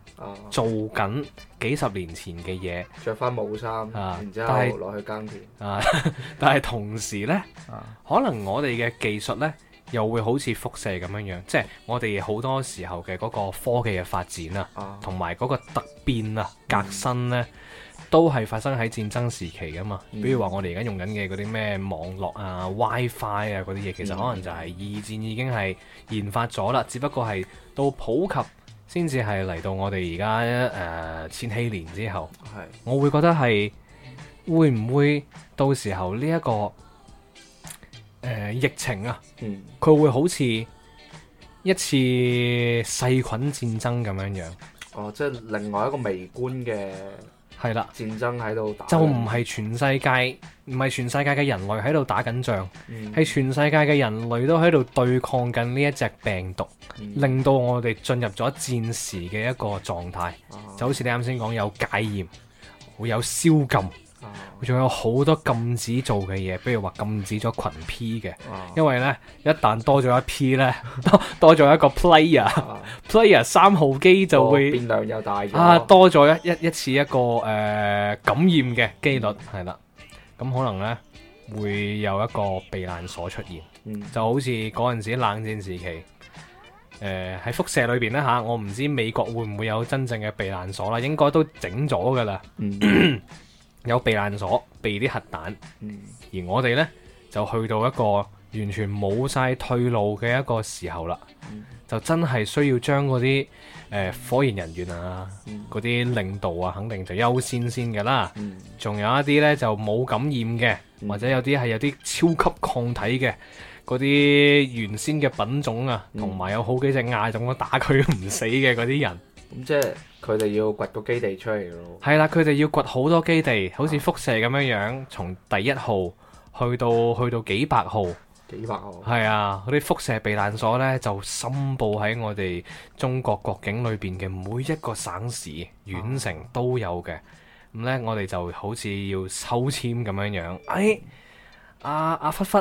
做緊幾十年前嘅嘢，着翻冇衫，啊、然之後落是去耕田。啊、 但係同時呢，啊、可能我哋嘅技術呢，又會好似輻射咁樣樣，即係我哋好多時候嘅嗰個科技嘅發展啊，同埋嗰個突變啊、革新、啊嗯、呢。都係發生喺戰爭時期㗎嘛？嗯、比如話我哋而家用緊嘅嗰啲咩網絡啊、WiFi 啊嗰啲嘢，其實可能就係二戰已經係研發咗啦，嗯、只不過係到普及先至係嚟到我哋而家誒千禧年之後。係是 我會覺得係會唔會到時候呢、這、一個誒、呃、疫情啊，佢、嗯、會好似一次細菌戰爭咁樣樣？哦，即係另外一個微觀嘅。係啦，戰爭喺度打，就唔係全世界，唔係全世界嘅人類喺度打緊仗，係、嗯、全世界嘅人類都喺度對抗緊呢一隻病毒，嗯、令到我哋進入咗戰時嘅一個狀態，嗯、就好似你啱先講有戒嚴，會有宵禁。仲有好多禁止做嘅嘢，比如話禁止咗群 P 嘅，哇 因為呢，一旦多咗一 P 呢，多咗一個 player，player 哇 三號機就會變量又大啊，多咗一一,一次一個誒、呃、感染嘅機率係啦，咁、嗯、可能呢，會有一個避難所出現，嗯、就好似嗰陣時冷戰時期，誒喺輻射裏邊呢。吓、啊，我唔知美國會唔會有真正嘅避難所啦，應該都整咗噶啦。 有避難所避啲核彈，嗯、而我哋呢，就去到一個完全冇晒退路嘅一個時候啦，嗯、就真係需要將嗰啲誒科研人員啊，嗰啲領導啊，肯定就優先先噶啦，仲、嗯、有一啲呢，就冇感染嘅，或者有啲係有啲超級抗體嘅嗰啲原先嘅品種啊，同埋、嗯、有,有好幾隻亞種都打佢唔死嘅嗰啲人，咁、嗯嗯、即係。佢哋要掘個基地出嚟咯，係 啦樂，佢哋要掘好多基地，好似輻射咁樣樣，從第一號去到去到幾百號，幾百號，係啊，嗰啲輻射避難所呢，就深布喺我哋中國國境裏邊嘅每一個省市、縣城都有嘅。咁呢， 我哋就好似要抽籤咁樣樣，哎，阿阿忽忽，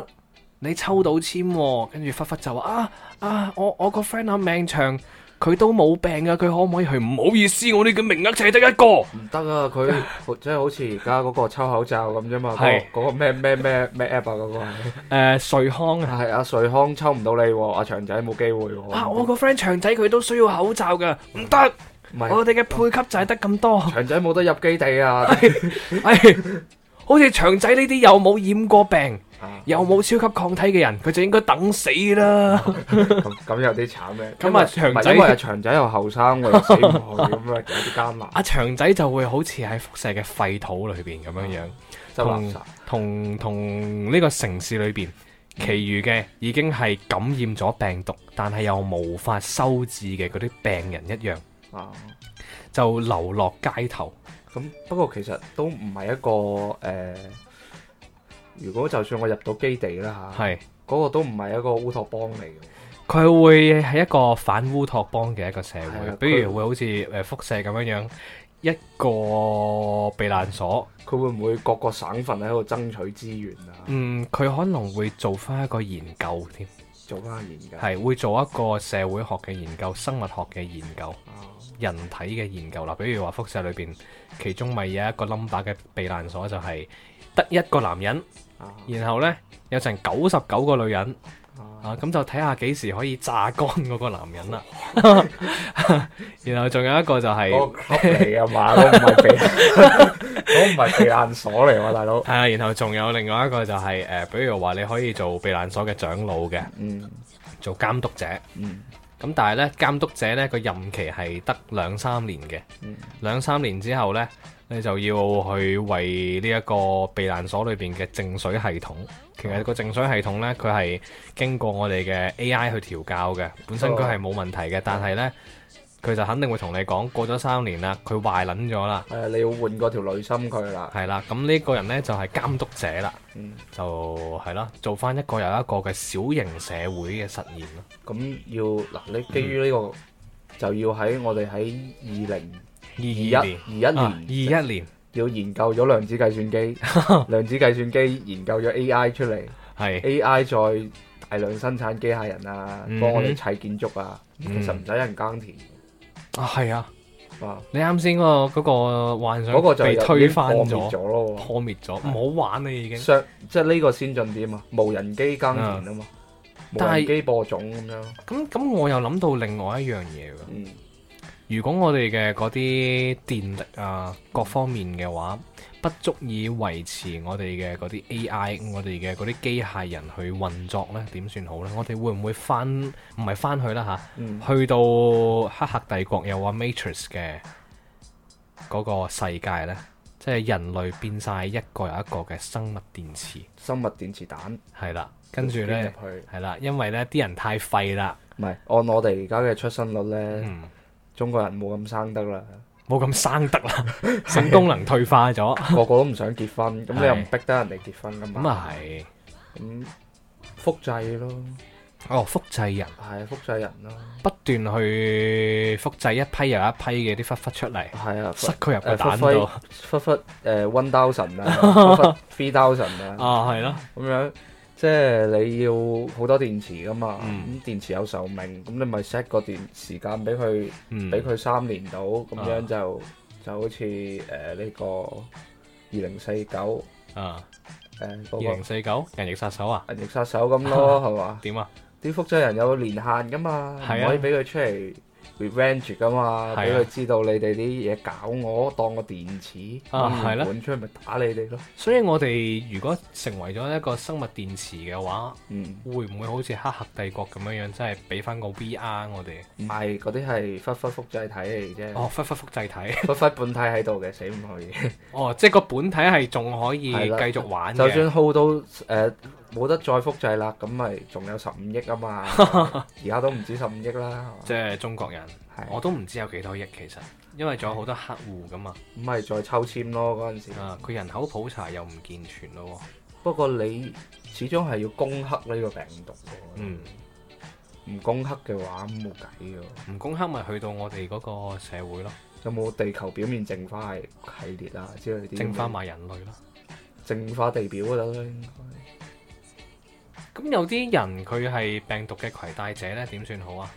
你抽到籤喎、哦，跟住忽忽就話啊啊，我我個 friend 阿命長。佢都冇病啊！佢可唔可以去？唔好意思，我呢個名額就係得一個，唔得啊！佢即係好似而家嗰個抽口罩咁啫嘛，嗰、 那個咩咩咩咩 app 啊，嗰、那個誒、uh, 瑞康係阿、啊、瑞康抽唔到你、啊、阿、啊、長仔冇機會啊！ 我個 friend 長仔佢都需要口罩噶，唔得，是我哋嘅配給就係得咁多，長仔冇得入基地啊！ 哎哎、好似長仔呢啲又冇染過病，又冇超級抗體嘅人，佢就應該等死啦。咁 有啲慘咩？咁啊，長仔又長後生，死咁 啊，有啲艱難。阿長仔就會好似喺輻射嘅廢土裏邊咁樣樣，啊、同同同呢個城市裏邊、嗯、其餘嘅已經係感染咗病毒，但係又無法收治嘅嗰啲病人一樣。哦、啊，就流落街頭。咁不過其實都唔係一個誒。呃如果就算我入到基地啦嚇，係嗰個都唔係一個烏托邦嚟嘅，佢會係一個反烏托邦嘅一個社會。比如會好似誒輻射咁樣樣，一個避難所，佢會唔會各個省份喺度爭取資源啊？嗯，佢可能會做翻一個研究添，做翻研究，係會做一個社會學嘅研究、生物學嘅研究、人體嘅研究啦。比如話輻射裏邊，其中咪有一個 number 嘅避難所，就係得一個男人。然後呢，有成九十九個女人，啊咁、啊、就睇下幾時可以榨乾嗰個男人啦。 然後仲有一個就係、是，我啊嘛，都唔係避，我唔係避難所嚟，我大佬。係啊，然後仲有另外一個就係、是、誒，比如話你可以做避難所嘅長老嘅，嗯，做監督者，嗯。咁但係咧監督者咧個任期係得兩三年嘅，兩三年之後咧，你就要去為呢一個避難所裏邊嘅淨水系統，其實個淨水系統咧佢係經過我哋嘅 AI 去調教嘅，本身佢係冇問題嘅，Hello. 但係咧。佢就肯定會同你講，過咗三年啦，佢壞撚咗啦。係，你要換過條女心佢啦。係啦，咁、這、呢個人呢，就係監督者啦，嗯、就係啦，做翻一個又一個嘅小型社會嘅實驗咯。咁、嗯、要嗱，你基於呢、這個、嗯、就要喺我哋喺二零二一、二一年、二一年、二一年要研究咗量子計算機， 量子計算機研究咗 A I 出嚟，係 A I 再大量生產機械人啊，幫我哋砌建築啊，其實唔使人耕田。啊，係啊！啊你啱先嗰個幻想嗰就被推翻咗，破滅咗，唔好、啊、玩啦已經。即係呢個先進啲啊嘛，無人機耕田啊嘛，嗯、無人機播種咁樣。咁咁，我又諗到另外一樣嘢㗎。嗯、如果我哋嘅嗰啲電力啊各方面嘅話，不足以維持我哋嘅嗰啲 AI，我哋嘅嗰啲機械人去運作呢，點算好呢？我哋會唔會返唔係返去啦吓，去到黑客帝國又話 Matrix 嘅嗰個世界呢，即係人類變晒一個又一個嘅生物電池，生物電池彈係啦，跟住呢，係啦，因為呢啲人太廢啦，唔係按我哋而家嘅出生率呢，嗯、中國人冇咁生得啦。冇咁生得啦，性功能退化咗，個個都唔想結婚，咁你又唔逼得人哋結婚噶嘛、嗯？咁啊係，咁複製咯哦，哦複製人係啊，複製人咯，不斷去複製一批又一批嘅啲忽忽出嚟，係啊，塞佢入去蛋度，忽忽誒 one thousand 啊，啦，忽忽 three thousand 啊係咯，咁樣、啊。啊即係你要好多電池噶嘛，咁、嗯、電池有壽命，咁你咪 set 個電時間俾佢，俾佢三年到，咁、啊、樣就就好似誒呢個二零四九啊，誒二零四九銀翼殺手啊，銀翼殺手咁咯，係嘛 吧？點啊？啲複製人有年限噶嘛，唔、啊、可以俾佢出嚟。revenge 噶嘛，俾佢知道你哋啲嘢搞我，當我電池啊，本出去咪打你哋咯。所以我哋如果成為咗一個生物電池嘅話，會唔會好似黑客帝國咁樣樣，即係俾翻個 VR 我哋？唔係嗰啲係忽忽複製體嚟啫。哦，忽忽複製體，忽忽本體喺度嘅，死唔可以。哦，即係個本體係仲可以繼續玩嘅，就算 hold 到誒。冇得再複製啦，咁咪仲有十五億啊嘛，而家 都唔止十五億啦。即係中國人，是我都唔知有幾多億其實，因為仲有好多客戶噶嘛，咁咪再抽籤咯嗰陣時。啊，佢人口普查又唔健全咯。不過你始終係要攻克呢個病毒嘅。嗯，唔攻克嘅話冇計噶，唔攻克咪去到我哋嗰個社會咯。有冇地球表面淨化系列啊之類啲？淨化埋人類咯，淨化地表嗰度應該。咁有啲人佢係病毒嘅攜帶者咧，點算好啊？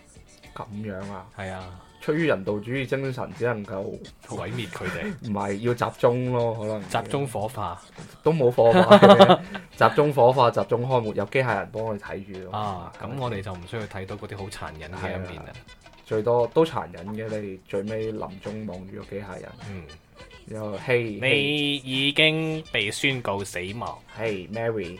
咁樣啊？係啊！出於人道主義精神，只能夠毀滅佢哋。唔係 要集中咯，可能集中火化都冇火化。 集中火化，集中開沒，沒有機械人幫我睇住咯。啊，咁吧我哋就唔需要睇到嗰啲好殘忍喺入面啦。啊啊啊、最多都殘忍嘅，你哋最尾臨終望住個機械人。嗯，然後 Hey 你已經被宣告死亡。Hey，Mary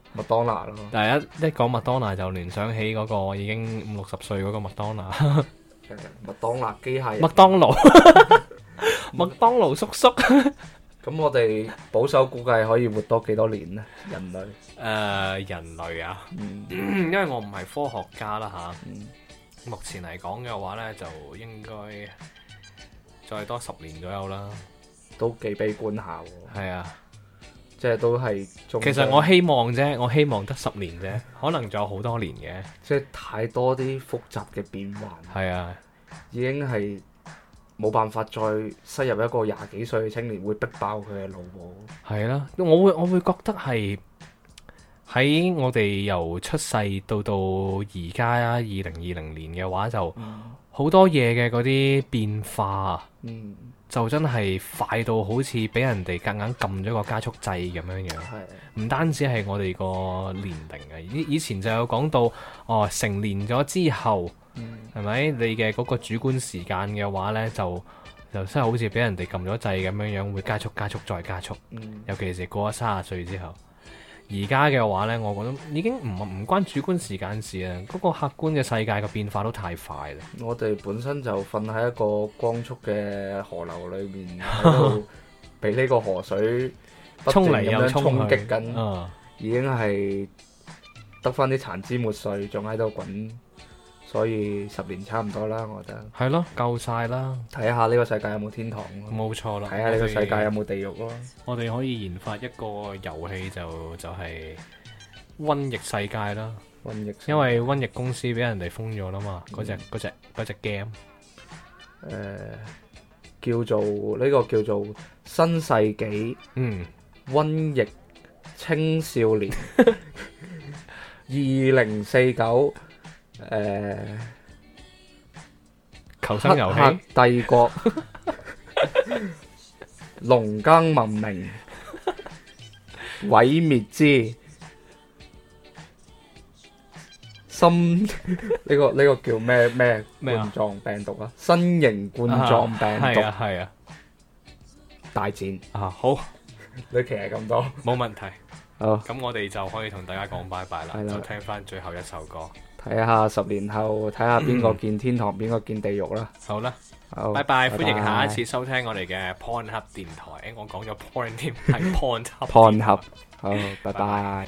麥當娜咯，第一一講麥當娜就聯想起嗰個已經五六十歲嗰個麥當娜，麥當娜機械，麥當勞，麥當勞叔叔。咁我哋保守估計可以活多幾多年呢？人類，誒，人類啊，因為我唔係科學家啦吓。目前嚟講嘅話呢，就應該再多十年左右啦，都幾悲觀下。係啊。即係都係，其實我希望啫，我希望得十年啫，可能仲有好多年嘅，即係 太多啲複雜嘅變幻。係啊，已經係冇辦法再塞入一個廿幾歲嘅青年會逼爆佢嘅腦部。係啦、啊，我會我會覺得係喺我哋由出世到到而家啦，二零二零年嘅話就好、嗯、多嘢嘅嗰啲變化啊。嗯就真係快到好似俾人哋夾硬撳咗個加速掣咁樣樣，唔的單止係我哋個年齡啊，以前就有講到，哦成年咗之後，係咪、嗯、你嘅嗰個主觀時間嘅話呢，就就真係好似俾人哋撳咗掣咁樣樣，會加速，加速加速再加速，嗯、尤其是過咗三十歲之後。而家嘅話呢，我覺得已經唔唔關主觀時間事啦，嗰、那個、客觀嘅世界嘅變化都太快啦。我哋本身就瞓喺一個光速嘅河流裏面，俾呢 個河水沖嚟咁樣衝擊緊，uh，已經係得返啲殘枝末碎，仲喺度滾。所以十年差唔多啦，我覺得係咯，夠晒啦。睇下呢個世界有冇天堂咯，冇錯啦。睇下呢個世界有冇地獄咯。我哋可以研發一個遊戲就就係、是、瘟疫世界啦。瘟疫，因為瘟疫公司俾人哋封咗啦嘛。嗰隻嗰隻嗰隻 game，誒，叫做呢、這個叫做新世紀，嗯，瘟疫青少年二零四九。嗯 誒，求生遊戲，帝國，農耕文明，毀滅之心，呢個呢個叫咩咩冠狀病毒啊？新型冠狀病毒，係啊係啊，啊啊大戰啊好，你其實咁多冇問題，好，咁、嗯、我哋就可以同大家講拜拜啦，就聽翻最後一首歌。睇下十年後，睇下邊個見天堂，邊個見地獄啦。好啦，拜拜，歡迎下一次收聽我哋嘅 Point 合電台。Bye bye 我講咗 Point 添，係 Point 合。Point 合，好，拜拜。